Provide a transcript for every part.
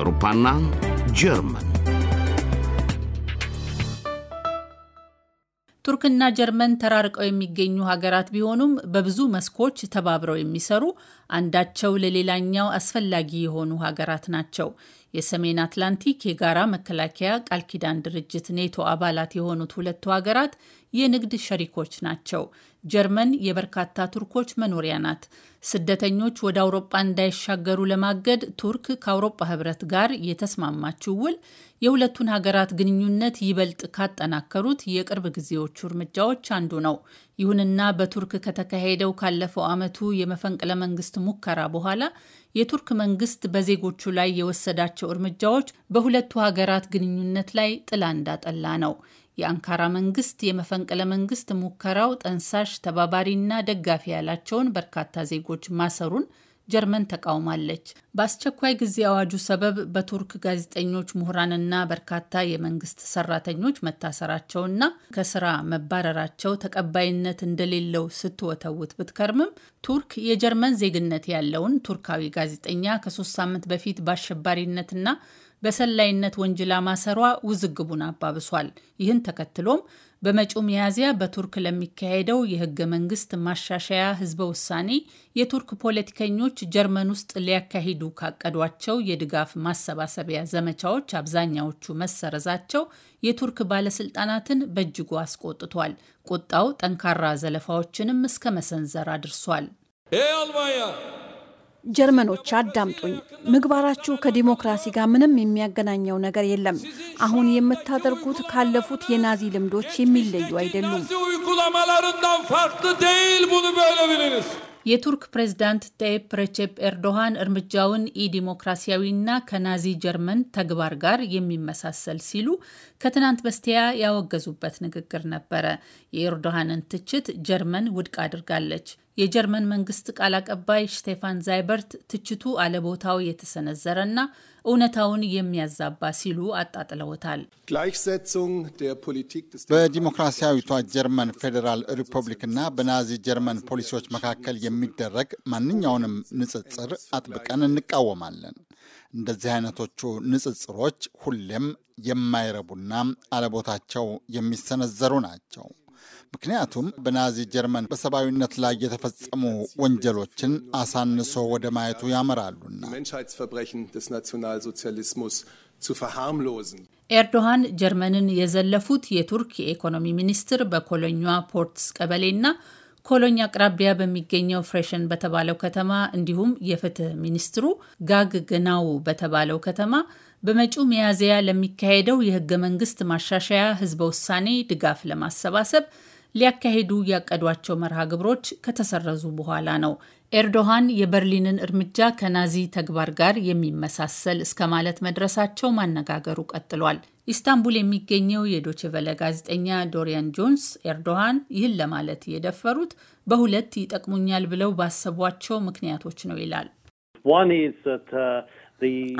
አውሮፓና ጀርመን ቱርክና ጀርመን ተራርቀው የሚገኙ ሀገራት ቢሆኑም በብዙ መስኮች ተባብረው የሚሰሩ አንዳቸው ለሌላኛው አስፈላጊ የሆኑ ሀገራት ናቸው። የሰሜን አትላንቲክ የጋራ መከላከያ ቃል ኪዳን ድርጅት ኔቶ አባላት የሆኑት ሁለቱ ሀገራት የንግድ ሸሪኮች ናቸው። ጀርመን የበርካታ ቱርኮች መኖሪያ ናት። ስደተኞች ወደ አውሮጳ እንዳይሻገሩ ለማገድ ቱርክ ከአውሮጳ ህብረት ጋር የተስማማችው ውል የሁለቱን ሀገራት ግንኙነት ይበልጥ ካጠናከሩት የቅርብ ጊዜዎቹ እርምጃዎች አንዱ ነው። ይሁንና በቱርክ ከተካሄደው ካለፈው ዓመቱ የመፈንቅለ መንግስት ሙከራ በኋላ የቱርክ መንግስት በዜጎቹ ላይ የወሰዳቸው እርምጃዎች በሁለቱ ሀገራት ግንኙነት ላይ ጥላ እንዳጠላ ነው። የአንካራ መንግስት የመፈንቅለ መንግስት ሙከራው ጠንሳሽ ተባባሪና ደጋፊ ያላቸውን በርካታ ዜጎች ማሰሩን ጀርመን ተቃውማለች። በአስቸኳይ ጊዜ አዋጁ ሰበብ በቱርክ ጋዜጠኞች፣ ምሁራንና በርካታ የመንግስት ሰራተኞች መታሰራቸውና ከስራ መባረራቸው ተቀባይነት እንደሌለው ስትወተውት ብትከርምም ቱርክ የጀርመን ዜግነት ያለውን ቱርካዊ ጋዜጠኛ ከሶስት ሳምንት በፊት በአሸባሪነትና በሰላይነት ወንጅላ ማሰሯ ውዝግቡን አባብሷል። ይህን ተከትሎም በመጪው ሚያዝያ በቱርክ ለሚካሄደው የህገ መንግስት ማሻሻያ ህዝበ ውሳኔ የቱርክ ፖለቲከኞች ጀርመን ውስጥ ሊያካሂዱ ካቀዷቸው የድጋፍ ማሰባሰቢያ ዘመቻዎች አብዛኛዎቹ መሰረዛቸው የቱርክ ባለስልጣናትን በእጅጉ አስቆጥቷል። ቁጣው ጠንካራ ዘለፋዎችንም እስከ መሰንዘር አድርሷል። ጀርመኖች አዳምጡኝ። ምግባራችሁ ከዲሞክራሲ ጋር ምንም የሚያገናኘው ነገር የለም። አሁን የምታደርጉት ካለፉት የናዚ ልምዶች የሚለዩ አይደሉም። የቱርክ ፕሬዝዳንት ጠይፕ ሬቼፕ ኤርዶሃን እርምጃውን ኢዲሞክራሲያዊና ከናዚ ጀርመን ተግባር ጋር የሚመሳሰል ሲሉ ከትናንት በስቲያ ያወገዙበት ንግግር ነበረ። የኤርዶሃንን ትችት ጀርመን ውድቅ አድርጋለች። የጀርመን መንግስት ቃል አቀባይ ሽቴፋን ዛይበርት ትችቱ አለቦታው የተሰነዘረና እውነታውን የሚያዛባ ሲሉ አጣጥለውታል። በዲሞክራሲያዊቷ ጀርመን ፌዴራል ሪፐብሊክና በናዚ ጀርመን ፖሊሲዎች መካከል የሚደረግ ማንኛውንም ንጽጽር አጥብቀን እንቃወማለን። እንደዚህ አይነቶቹ ንጽጽሮች ሁሌም የማይረቡና አለቦታቸው የሚሰነዘሩ ናቸው። ምክንያቱም በናዚ ጀርመን በሰብአዊነት ላይ የተፈጸሙ ወንጀሎችን አሳንሶ ወደ ማየቱ ያመራሉና። ኤርዶሃን ጀርመንን የዘለፉት የቱርክ የኢኮኖሚ ሚኒስትር በኮሎኛ ፖርትስ ቀበሌና ኮሎኝ አቅራቢያ በሚገኘው ፍሬሽን በተባለው ከተማ እንዲሁም የፍትህ ሚኒስትሩ ጋግ ገናው በተባለው ከተማ በመጪው ሚያዝያ ለሚካሄደው የህገ መንግስት ማሻሻያ ህዝበ ውሳኔ ድጋፍ ለማሰባሰብ ሊያካሂዱ ያቀዷቸው መርሃ ግብሮች ከተሰረዙ በኋላ ነው። ኤርዶሃን የበርሊንን እርምጃ ከናዚ ተግባር ጋር የሚመሳሰል እስከ ማለት መድረሳቸው ማነጋገሩ ቀጥሏል። ኢስታንቡል የሚገኘው የዶችቨለ ጋዜጠኛ ዶሪያን ጆንስ ኤርዶሃን ይህን ለማለት የደፈሩት በሁለት ይጠቅሙኛል ብለው ባሰቧቸው ምክንያቶች ነው ይላል።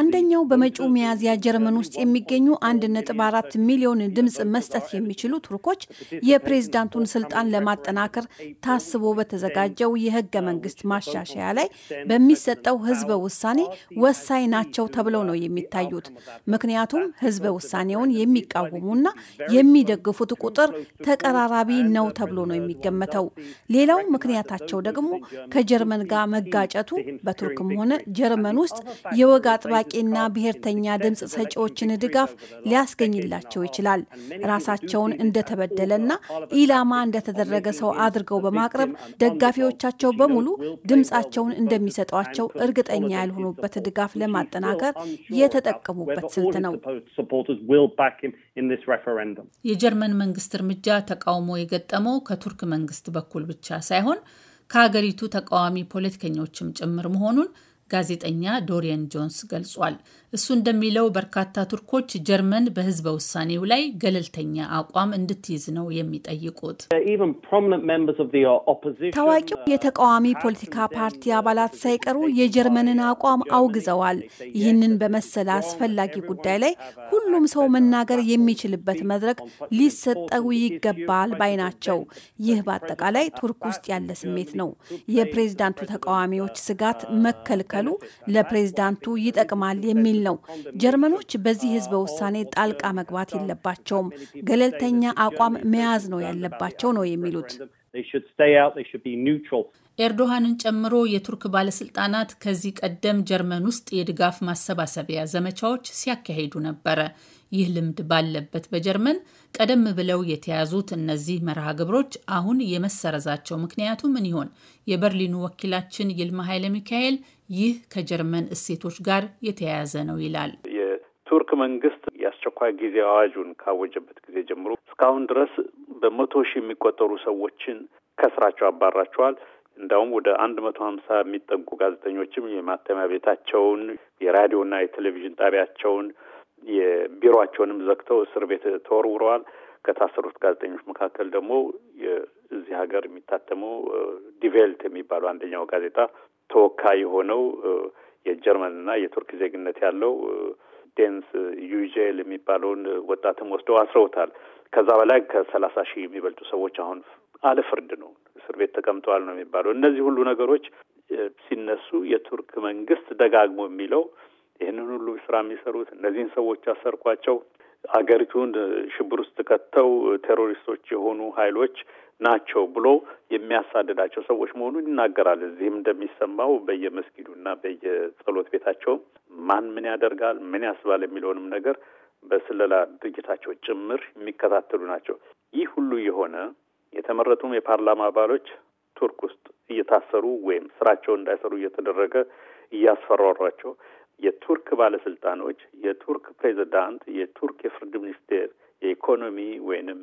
አንደኛው በመጪው ሚያዝያ ጀርመን ውስጥ የሚገኙ 1.4 ሚሊዮን ድምፅ መስጠት የሚችሉ ቱርኮች የፕሬዝዳንቱን ስልጣን ለማጠናከር ታስቦ በተዘጋጀው የህገ መንግስት ማሻሻያ ላይ በሚሰጠው ህዝበ ውሳኔ ወሳኝ ናቸው ተብለው ነው የሚታዩት። ምክንያቱም ህዝበ ውሳኔውን የሚቃወሙና የሚደግፉት ቁጥር ተቀራራቢ ነው ተብሎ ነው የሚገመተው። ሌላው ምክንያታቸው ደግሞ ከጀርመን ጋር መጋጨቱ በቱርክም ሆነ ጀርመን ውስጥ የወ ወግ አጥባቂና ብሔርተኛ ድምፅ ሰጪዎችን ድጋፍ ሊያስገኝላቸው ይችላል። ራሳቸውን እንደተበደለና ኢላማ እንደተደረገ ሰው አድርገው በማቅረብ ደጋፊዎቻቸው በሙሉ ድምፃቸውን እንደሚሰጧቸው እርግጠኛ ያልሆኑበት ድጋፍ ለማጠናከር የተጠቀሙበት ስልት ነው። የጀርመን መንግስት እርምጃ ተቃውሞ የገጠመው ከቱርክ መንግስት በኩል ብቻ ሳይሆን ከሀገሪቱ ተቃዋሚ ፖለቲከኞችም ጭምር መሆኑን ጋዜጠኛ ዶሪየን ጆንስ ገልጿል። እሱ እንደሚለው በርካታ ቱርኮች ጀርመን በህዝበ ውሳኔው ላይ ገለልተኛ አቋም እንድትይዝ ነው የሚጠይቁት። ታዋቂው የተቃዋሚ ፖለቲካ ፓርቲ አባላት ሳይቀሩ የጀርመንን አቋም አውግዘዋል። ይህንን በመሰለ አስፈላጊ ጉዳይ ላይ ሁሉም ሰው መናገር የሚችልበት መድረክ ሊሰጠው ይገባል ባይ ናቸው። ይህ በአጠቃላይ ቱርክ ውስጥ ያለ ስሜት ነው። የፕሬዝዳንቱ ተቃዋሚዎች ስጋት መከልከል መቀጠሉ ለፕሬዝዳንቱ ይጠቅማል የሚል ነው። ጀርመኖች በዚህ ህዝበ ውሳኔ ጣልቃ መግባት የለባቸውም፣ ገለልተኛ አቋም መያዝ ነው ያለባቸው ነው የሚሉት። ኤርዶሃንን ጨምሮ የቱርክ ባለስልጣናት ከዚህ ቀደም ጀርመን ውስጥ የድጋፍ ማሰባሰቢያ ዘመቻዎች ሲያካሂዱ ነበረ። ይህ ልምድ ባለበት በጀርመን ቀደም ብለው የተያዙት እነዚህ መርሃ ግብሮች አሁን የመሰረዛቸው ምክንያቱ ምን ይሆን? የበርሊኑ ወኪላችን ይልማ ኃይለ ሚካኤል ይህ ከጀርመን እሴቶች ጋር የተያያዘ ነው ይላል። የቱርክ መንግስት የአስቸኳይ ጊዜ አዋጁን ካወጀበት ጊዜ ጀምሮ እስካሁን ድረስ በመቶ ሺህ የሚቆጠሩ ሰዎችን ከስራቸው አባራቸዋል። እንዲያውም ወደ አንድ መቶ ሀምሳ የሚጠጉ ጋዜጠኞችም የማተሚያ ቤታቸውን የራዲዮና የቴሌቪዥን ጣቢያቸውን የቢሮቸውንም ዘግተው እስር ቤት ተወርውረዋል። ከታሰሩት ጋዜጠኞች መካከል ደግሞ እዚህ ሀገር የሚታተመው ዲቬልት የሚባለው አንደኛው ጋዜጣ ተወካይ የሆነው የጀርመንና የቱርክ ዜግነት ያለው ዴንስ ዩጄል የሚባለውን ወጣትም ወስደው አስረውታል። ከዛ በላይ ከሰላሳ ሺህ የሚበልጡ ሰዎች አሁን አልፍርድ ነው እስር ቤት ተቀምጠዋል ነው የሚባለው። እነዚህ ሁሉ ነገሮች ሲነሱ የቱርክ መንግስት ደጋግሞ የሚለው ይህንን ሁሉ ስራ የሚሰሩት እነዚህን ሰዎች ያሰርኳቸው አገሪቱን ሽብር ውስጥ ከተው ቴሮሪስቶች የሆኑ ኃይሎች ናቸው ብሎ የሚያሳድዳቸው ሰዎች መሆኑን ይናገራል። እዚህም እንደሚሰማው በየመስጊዱና በየጸሎት ቤታቸው ማን ምን ያደርጋል፣ ምን ያስባል የሚለውንም ነገር በስለላ ድርጅታቸው ጭምር የሚከታተሉ ናቸው። ይህ ሁሉ የሆነ የተመረጡም የፓርላማ አባሎች ቱርክ ውስጥ እየታሰሩ ወይም ስራቸውን እንዳይሰሩ እየተደረገ እያስፈራሯቸው የቱርክ ባለስልጣኖች፣ የቱርክ ፕሬዚዳንት፣ የቱርክ የፍርድ ሚኒስቴር የኢኮኖሚ ወይንም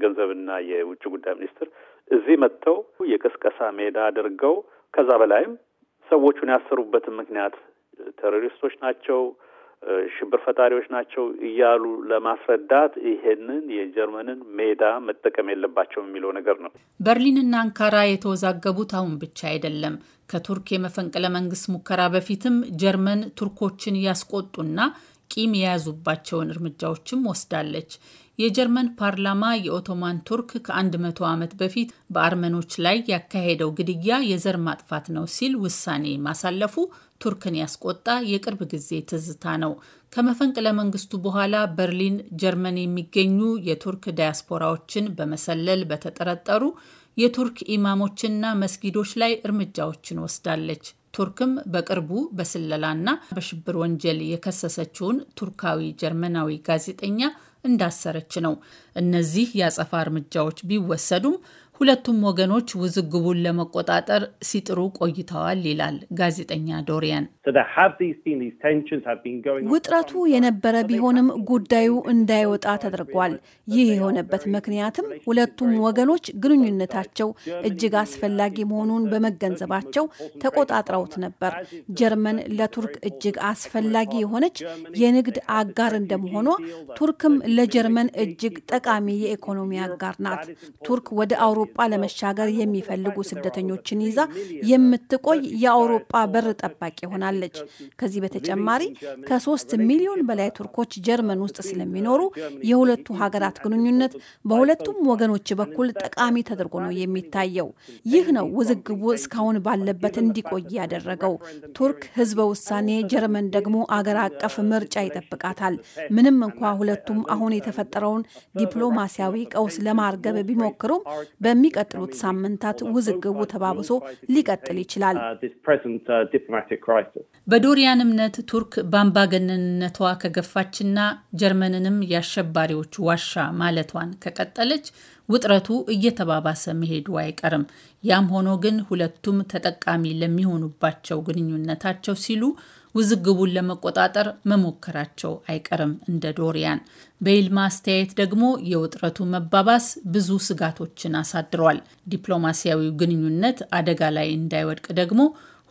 የገንዘብና የውጭ ጉዳይ ሚኒስትር እዚህ መጥተው የቅስቀሳ ሜዳ አድርገው ከዛ በላይም ሰዎቹን ያሰሩበትን ምክንያት ቴሮሪስቶች ናቸው፣ ሽብር ፈጣሪዎች ናቸው እያሉ ለማስረዳት ይሄንን የጀርመንን ሜዳ መጠቀም የለባቸውም የሚለው ነገር ነው። በርሊንና አንካራ የተወዛገቡት አሁን ብቻ አይደለም። ከቱርክ የመፈንቅለ መንግስት ሙከራ በፊትም ጀርመን ቱርኮችን ያስቆጡና ቂም የያዙባቸውን እርምጃዎችም ወስዳለች። የጀርመን ፓርላማ የኦቶማን ቱርክ ከ100 ዓመት በፊት በአርመኖች ላይ ያካሄደው ግድያ የዘር ማጥፋት ነው ሲል ውሳኔ ማሳለፉ ቱርክን ያስቆጣ የቅርብ ጊዜ ትዝታ ነው። ከመፈንቅለ መንግስቱ በኋላ በርሊን፣ ጀርመን የሚገኙ የቱርክ ዳያስፖራዎችን በመሰለል በተጠረጠሩ የቱርክ ኢማሞችና መስጊዶች ላይ እርምጃዎችን ወስዳለች። ቱርክም በቅርቡ በስለላና በሽብር ወንጀል የከሰሰችውን ቱርካዊ ጀርመናዊ ጋዜጠኛ እንዳሰረች ነው። እነዚህ የአጸፋ እርምጃዎች ቢወሰዱም ሁለቱም ወገኖች ውዝግቡን ለመቆጣጠር ሲጥሩ ቆይተዋል ይላል ጋዜጠኛ ዶሪያን። ውጥረቱ የነበረ ቢሆንም ጉዳዩ እንዳይወጣ ተደርጓል። ይህ የሆነበት ምክንያትም ሁለቱም ወገኖች ግንኙነታቸው እጅግ አስፈላጊ መሆኑን በመገንዘባቸው ተቆጣጥረውት ነበር። ጀርመን ለቱርክ እጅግ አስፈላጊ የሆነች የንግድ አጋር እንደመሆኗ ቱርክም ለጀርመን እጅግ ጠቃሚ የኢኮኖሚ አጋር ናት። ቱርክ ወደ አውሮ አውሮፓ ለመሻገር የሚፈልጉ ስደተኞችን ይዛ የምትቆይ የአውሮፓ በር ጠባቂ ሆናለች። ከዚህ በተጨማሪ ከሶስት ሚሊዮን በላይ ቱርኮች ጀርመን ውስጥ ስለሚኖሩ የሁለቱ ሀገራት ግንኙነት በሁለቱም ወገኖች በኩል ጠቃሚ ተደርጎ ነው የሚታየው። ይህ ነው ውዝግቡ እስካሁን ባለበት እንዲቆይ ያደረገው። ቱርክ ህዝበ ውሳኔ፣ ጀርመን ደግሞ አገር አቀፍ ምርጫ ይጠብቃታል። ምንም እንኳ ሁለቱም አሁን የተፈጠረውን ዲፕሎማሲያዊ ቀውስ ለማርገብ ቢሞክሩም በሚቀጥሉት ሳምንታት ውዝግቡ ተባብሶ ሊቀጥል ይችላል። uh, uh, በዶሪያን እምነት ቱርክ በአምባገነንነቷ ከገፋችና ጀርመንንም የአሸባሪዎች ዋሻ ማለቷን ከቀጠለች ውጥረቱ እየተባባሰ መሄዱ አይቀርም። ያም ሆኖ ግን ሁለቱም ተጠቃሚ ለሚሆኑባቸው ግንኙነታቸው ሲሉ ውዝግቡን ለመቆጣጠር መሞከራቸው አይቀርም። እንደ ዶሪያን በይልማ አስተያየት ደግሞ የውጥረቱ መባባስ ብዙ ስጋቶችን አሳድሯል። ዲፕሎማሲያዊው ግንኙነት አደጋ ላይ እንዳይወድቅ ደግሞ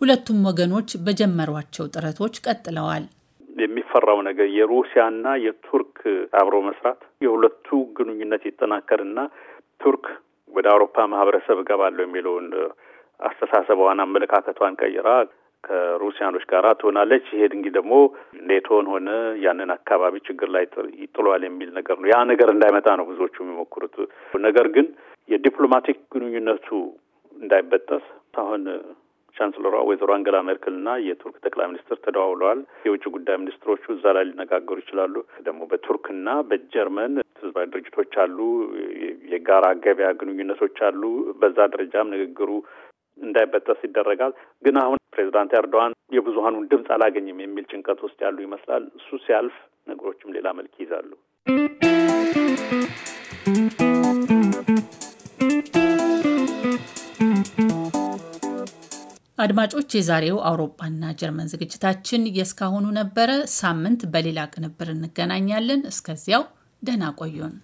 ሁለቱም ወገኖች በጀመሯቸው ጥረቶች ቀጥለዋል። የሚፈራው ነገር የሩሲያና የቱርክ አብሮ መስራት የሁለቱ ግንኙነት ይጠናከርና ቱርክ ወደ አውሮፓ ማህበረሰብ እገባለሁ የሚለውን አስተሳሰቧን፣ አመለካከቷን ቀይራ ከሩሲያኖች ጋር ትሆናለች። ይሄ እንግዲህ ደግሞ ኔቶን ሆነ ያንን አካባቢ ችግር ላይ ይጥሏል የሚል ነገር ነው። ያ ነገር እንዳይመጣ ነው ብዙዎቹ የሚሞክሩት። ነገር ግን የዲፕሎማቲክ ግንኙነቱ እንዳይበጠስ አሁን ቻንስለሯ ወይዘሮ አንገላ ሜርክል እና የቱርክ ጠቅላይ ሚኒስትር ተደዋውለዋል። የውጭ ጉዳይ ሚኒስትሮቹ እዛ ላይ ሊነጋገሩ ይችላሉ። ደግሞ በቱርክና በጀርመን ህዝባዊ ድርጅቶች አሉ፣ የጋራ ገበያ ግንኙነቶች አሉ። በዛ ደረጃም ንግግሩ እንዳይበጠስ ይደረጋል። ግን አሁን ፕሬዚዳንት ኤርዶዋን የብዙሀኑን ድምፅ አላገኝም የሚል ጭንቀት ውስጥ ያሉ ይመስላል። እሱ ሲያልፍ ነገሮችም ሌላ መልክ ይይዛሉ። አድማጮች፣ የዛሬው አውሮፓና ጀርመን ዝግጅታችን የእስካሁኑ ነበረ። ሳምንት በሌላ ቅንብር እንገናኛለን። እስከዚያው ደህና ቆዩን።